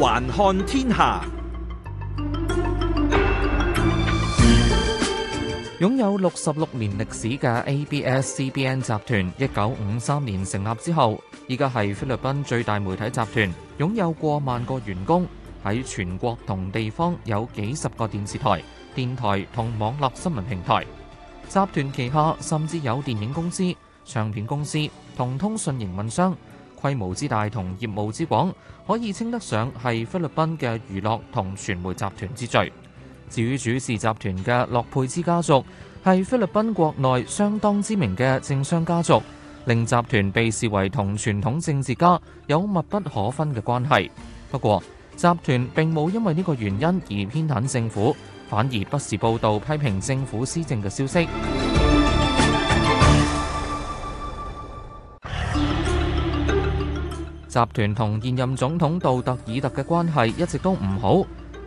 環看天下，擁有六十六年歷史嘅 ABS-CBN 集團，一九五三年成立之後，依家係菲律賓最大媒體集團，擁有過萬個員工，喺全國同地方有幾十個電視台、電台同網絡新聞平台。集團旗下甚至有電影公司、唱片公司同通訊營運商。規模之大同業務之廣，可以稱得上係菲律賓嘅娛樂同傳媒集團之最。至於主事集團嘅洛佩茲家族，係菲律賓國內相當知名嘅政商家族，令集團被視為同傳統政治家有密不可分嘅關係。不過，集團並冇因為呢個原因而偏袒政府，反而不時報導批評政府施政嘅消息。集團同現任總統杜特爾特嘅關係一直都唔好。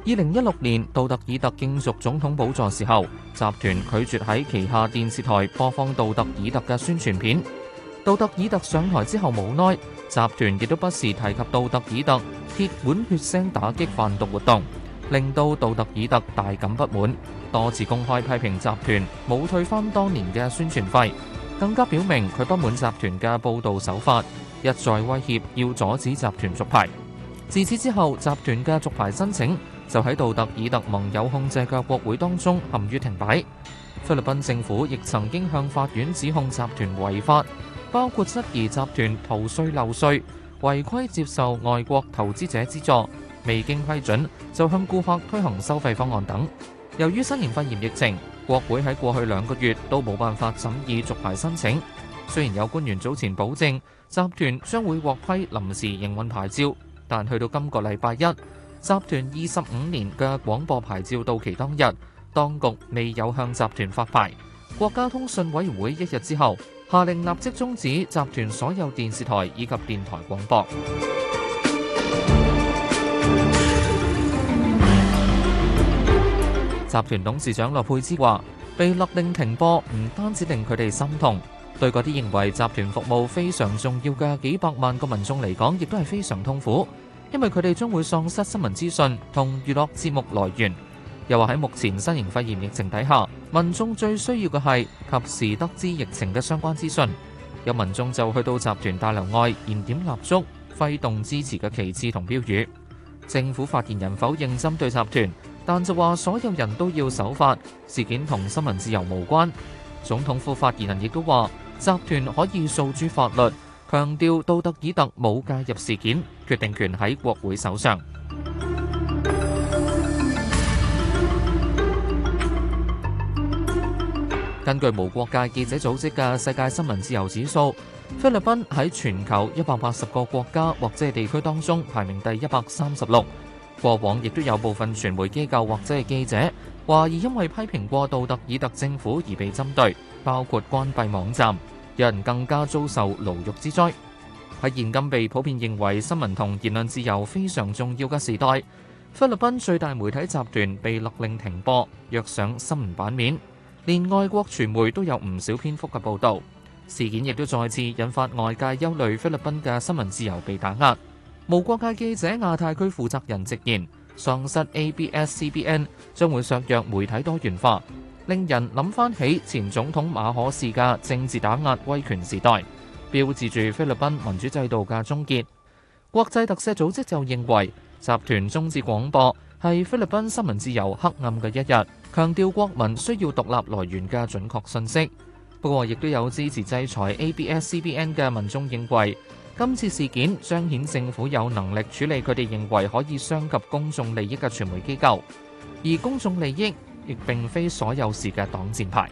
二零一六年杜特爾特競逐總統寶座時候，集團拒絕喺旗下電視台播放杜特爾特嘅宣傳片。杜特爾特上台之後無奈，集團亦都不時提及杜特爾特鐵腕血腥打擊販毒活動，令到杜特爾特大感不滿，多次公開批評集團冇退返當年嘅宣傳費，更加表明佢不滿集團嘅報道手法。一再威脅要阻止集團續牌。自此之後，集團嘅續牌申請就喺杜特爾特盟友控制嘅國會當中陷於停擺。菲律賓政府亦曾經向法院指控集團違法，包括質疑集團逃稅漏稅、違規接受外國投資者資助、未經批准就向顧客推行收費方案等。由於新型肺炎疫情，國會喺過去兩個月都冇辦法審議續，續牌申請。雖然有官員早前保證集團將會獲批臨時營運牌照，但去到今個禮拜一，集團二十五年嘅廣播牌照到期當日，當局未有向集團發牌。國家通訊委員會一日之後下令立即終止集團所有電視台以及電台廣播。集團董事長羅佩茲話：被勒令停播，唔單止令佢哋心痛。對嗰啲認為集團服務非常重要嘅幾百萬個民眾嚟講，亦都係非常痛苦，因為佢哋將會喪失新聞資訊同娛樂節目來源。又話喺目前新型肺炎疫情底下，民眾最需要嘅係及時得知疫情嘅相關資訊。有民眾就去到集團大樓外燃點蠟燭，揮動支持嘅旗幟同標語。政府發言人否認針對集團，但就話所有人都要守法，事件同新聞自由無關。總統副發言人亦都話：集團可以訴諸法律，強調杜特爾特冇介入事件，決定權喺國會手上。根據無國界記者組織嘅世界新聞自由指數，菲律賓喺全球一百八十個國家或者係地區當中排名第一百三十六。過往亦都有部分傳媒機構或者係記者懷疑，因為批評過杜特爾特政府而被針對，包括關閉網站。有人更加遭受牢獄之災。喺現今被普遍認為新聞同言論自由非常重要嘅時代，菲律賓最大媒體集團被勒令停播，躍上新聞版面。連外國傳媒都有唔少篇幅嘅報導。事件亦都再次引發外界憂慮，菲律賓嘅新聞自由被打壓。無國界記者亞太區負責人直言，喪失 ABS-CBN 將會削弱媒體多元化。令人諗翻起前總統馬可士嘅政治打壓威權時代，標誌住菲律賓民主制度嘅終結。國際特赦組織就認為，集團終止廣播係菲律賓新聞自由黑暗嘅一日，強調國民需要獨立來源嘅準確信息。不過，亦都有支持制裁 ABS-CBN 嘅民眾認為，今次事件彰顯政府有能力處理佢哋認為可以傷及公眾利益嘅傳媒機構，而公眾利益亦並非所有事嘅擋箭牌。